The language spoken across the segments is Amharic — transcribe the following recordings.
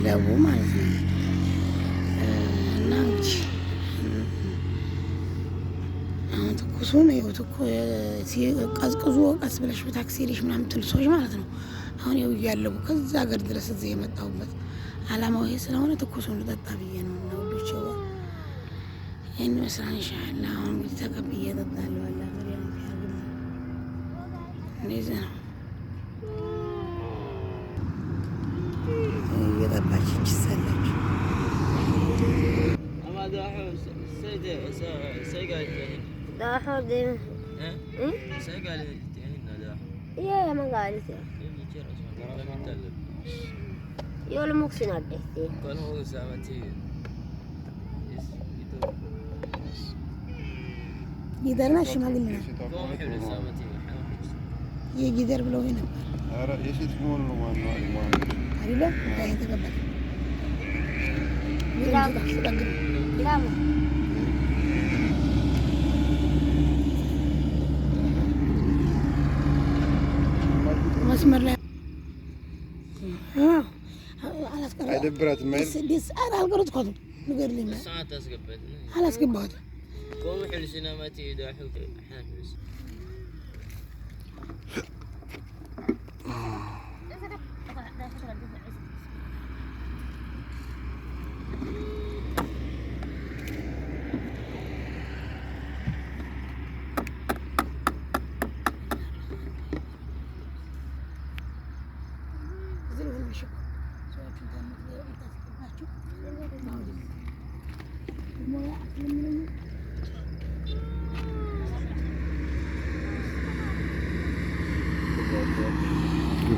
ሲለቡ ማለት ነው። እና እንግዲህ አሁን ትኩሱ ነው ትኩ ቀዝቅዙ ቀስ ብለሽ በታክሲ ሄደሽ ምናምን ሰዎች ማለት ነው። አሁን ይኸው እያለቡ ከዛ ሀገር ድረስ እዚህ የመጣሁበት አላማው ይሄ ስለሆነ ትኩሱን ልጠጣ ብዬ ነው። እና ውዶች ይህን አሁን እንግዲህ ተቀብዬ እጠጣለሁ። እንደዚህ ነው። Şeyde, şey geldi. Daha dedim. He? Hı? Şey geldi gitti yani daha. Ya ya geldi. Ben iki kere sonra bana gittiler. zahmeti. Gider mi şimdi alayım Ye gider bile oynayalım. Ara yeşil kumunu mu anlayayım? Hadi lan, ben de kapat. Bir الاسمر لا اه خلاص دبرات مين بس انا القرد كذب نقول لي ساعات اسقبت خلاص قبت قوم حلسنا ما تيدو حلسنا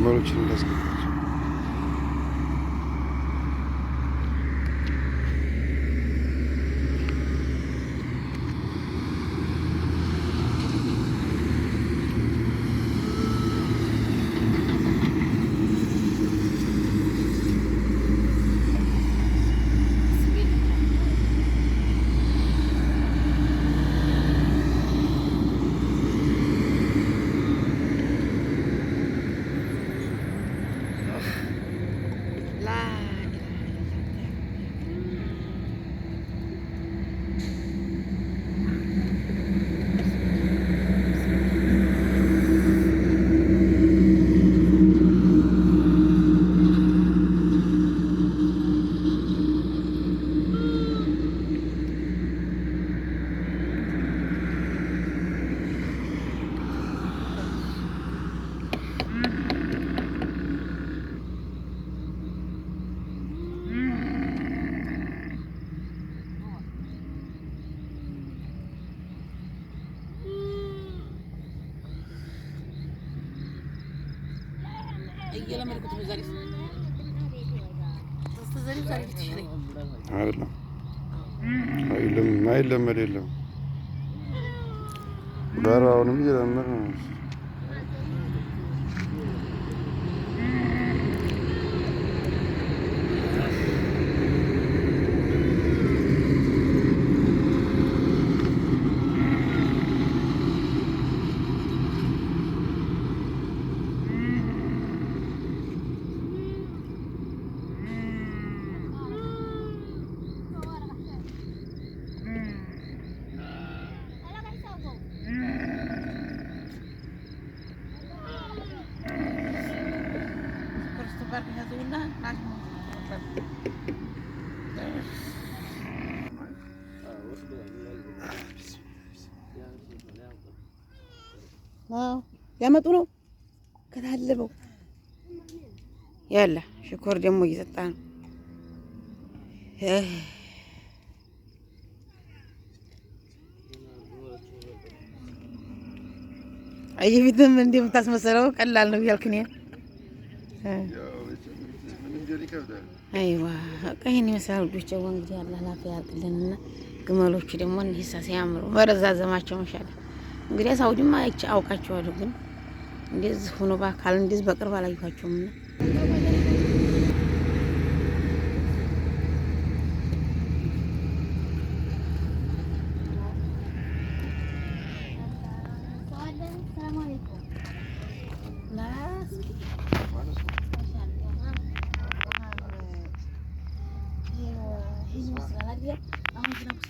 Bunlar için lazım. የለመድኩት ነው። ዛሬ አይለም አይለመድ የለም ጋር አሁንም እየለመድ ነው። ያመጡ ነው ከታለበው ያለ ሽኮር ደግሞ እየጠጣ ነው። አየፊትም እንደምታስመሰለው ቀላል ነው እያልክ እኔን አይዋ በቃ ይህን ይመስላል ውዶቼ። እንግዲህ አላህ ላፊያ ያርቅልንና ግመሎቹ ደግሞ እንሂሳ ሲያምሩ መረዛዘማቸው መሻለ እንግዲህ ሳውዲማ አውቃቸዋለሁ፣ ግን እንደዚህ ሆኖ በአካል እንደዚህ በቅርብ አላየኋቸውም እና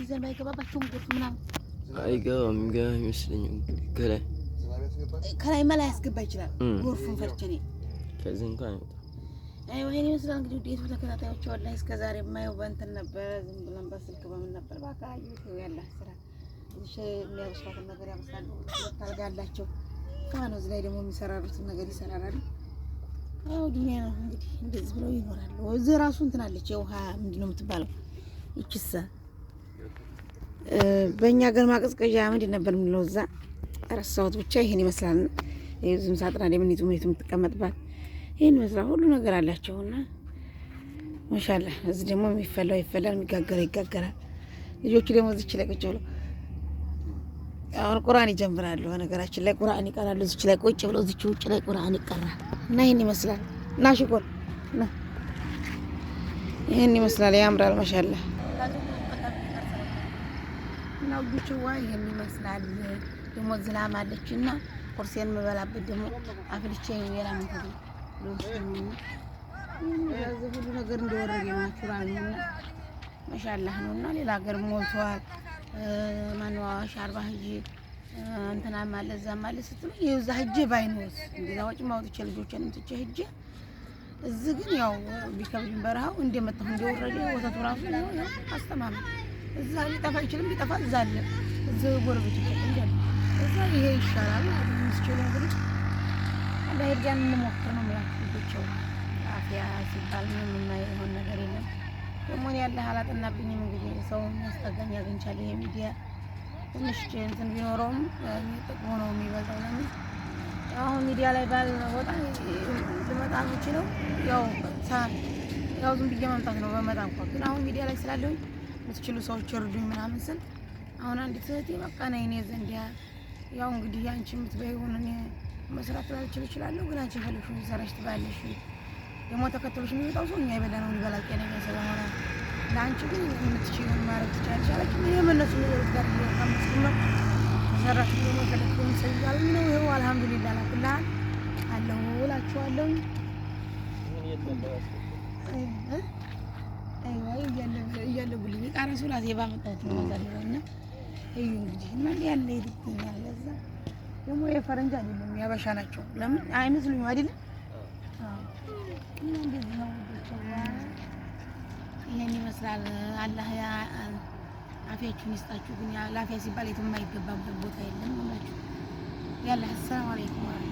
ሲዘንብ አይገባባቸውም ጎርፍ ምናምን አይገባም። ገና አይመስለኝም። ከላይ ከላይ መላ ያስገባ ይችላል። ጎርፉን ፈርቼ እኔ ከዚህ እንኳን ይሄን ይመስላል እንግዲህ ውዴቱ ተከታታዮች፣ ወላሂ እስከ ዛሬ የማየው በእንትን ነበረ፣ ዝም ብለን በስልክ በምን ነበር በአካባቢ ያለ ስራ ትንሽ የሚያበስሏትን ነገር ያበስላሉ። ታልጋ አላቸው ከዋኖዝ ላይ ደግሞ የሚሰራሩትን ነገር ይሰራራሉ። ያው ዱኒያ ነው እንግዲህ እንደዚህ ብለው ይኖራሉ። እዚህ ራሱ እንትን አለች የውሃ ምንድን ነው የምትባለው ይችሳ በእኛ ሀገር ማቀዝቀዣ ምንድን ነበር የምንለው? እዛ ረሳሁት። ብቻ ይሄን ይመስላል። ዝም ሳጥና የምንይዙ ሜት የምትቀመጥባት ይህን መስራ ሁሉ ነገር አላቸውና ማሻላ። እዚህ ደግሞ የሚፈላው ይፈላል፣ የሚጋገረው ይጋገራል። ልጆቹ ደግሞ እዚች ላይ ቁጭ ብሎ አሁን ቁርአን ይጀምራሉ። ነገራችን ላይ ቁርአን ይቀራሉ። እዚች ላይ ቁጭ ብሎ እዚች ውጭ ላይ ቁርአን ይቀራል እና ይህን ይመስላል። እና ሽኮር ይህን ይመስላል። ያምራል። ማሻላ ነው ጉችዋ ይሄን ይመስላል። ደግሞ ዝላም አለች እና ቁርሴን የምበላበት ደግሞ አፍልቼ ሌላ ምንክል ሁሉ ነገር እንደወረደ ናቹራል ነው እና መሻላህ ነው እና ሌላ ሀገር ሞልቷል። ማንዋዋሽ አርባ ህጂ እንትና ማለ እዛ ማለ ስትሉ ይኸው እዛ ህጄ ባይኖስ እንደዛ ወጪ ማውጥቼ ልጆችን እንትቼ ህጄ እዚህ ግን ያው ቢከብድም በረሃው እንደመጣሁ እንደወረደ ወተቱ ራሱ አስተማመን እዛ ሊጠፋ አይችልም። ቢጠፋ እዛ አለ እዚ ጎረቤት እዛ ይሄ ይሻላል ምስችሉ እንግዲህ ለሄድያን እንሞክር ነው ምላችሁ ብቻው አፍያ ሲባል ምንም የማይሆን ነገር የለም። ደግሞ እኔ ያለ አላጠናብኝም። እንግዲህ ሰው የሚያስጠጋኝ አግኝቻለሁ። ይሄ ሚዲያ ትንሽ እንትን ቢኖረውም ጥቅሙ ነው የሚበዛው። ለምን አሁን ሚዲያ ላይ ባል ወጣ ልመጣ ምች ያው ያው ያው ዝም ብዬ መምጣት ነው በመጣ እንኳ ግን አሁን ሚዲያ ላይ ስላለሁኝ የምትችሉ ሰዎች እርዱኝ ምናምን ስል አሁን አንዲት እህቴ በቃ ነይ እኔ ዘንድ ያው እንግዲህ አንቺ የምትበይውን እኔ መስራት ላልችል እችላለሁ፣ ግን አንቺ ፈልሹ ሰራሽ ትባለሽ። ደግሞ ተከትሎሽ የሚመጣው ሰው እኛ የበላነውን ይበላል። ጤነኛ ስለሆነ ለአንቺ ግን የምትችይውን ማድረግ ትችላለሽ አለች። ይህ የመነሱ ነገሮች ጋር ካመስኩና ሰራሽ ደግሞ ተደግፎ የሚሰይዛሉ ነው። ይኸው አልሐምዱሊላ ላኩላ አለሁ እላችኋለሁ። እያለ ጉልኝ ዕቃ እራሱ እራሴ ባመጣሁት ነው የማሳልፈው። እና እዩ እንግዲህ ማን ያለ ይልኛል። ለዛ ደግሞ የፈረንጅ አይደለም ያበሻ ናቸው። ለምን አይመስሉኝም አይደለም እና እንደዚህ ነው ይሄን ይመስላል። አላህ አፊያችሁን ይስጣችሁ። ግን ሲባል የትም የማይገባበት ቦታ የለም። ያለ አሰላሙ አለይኩም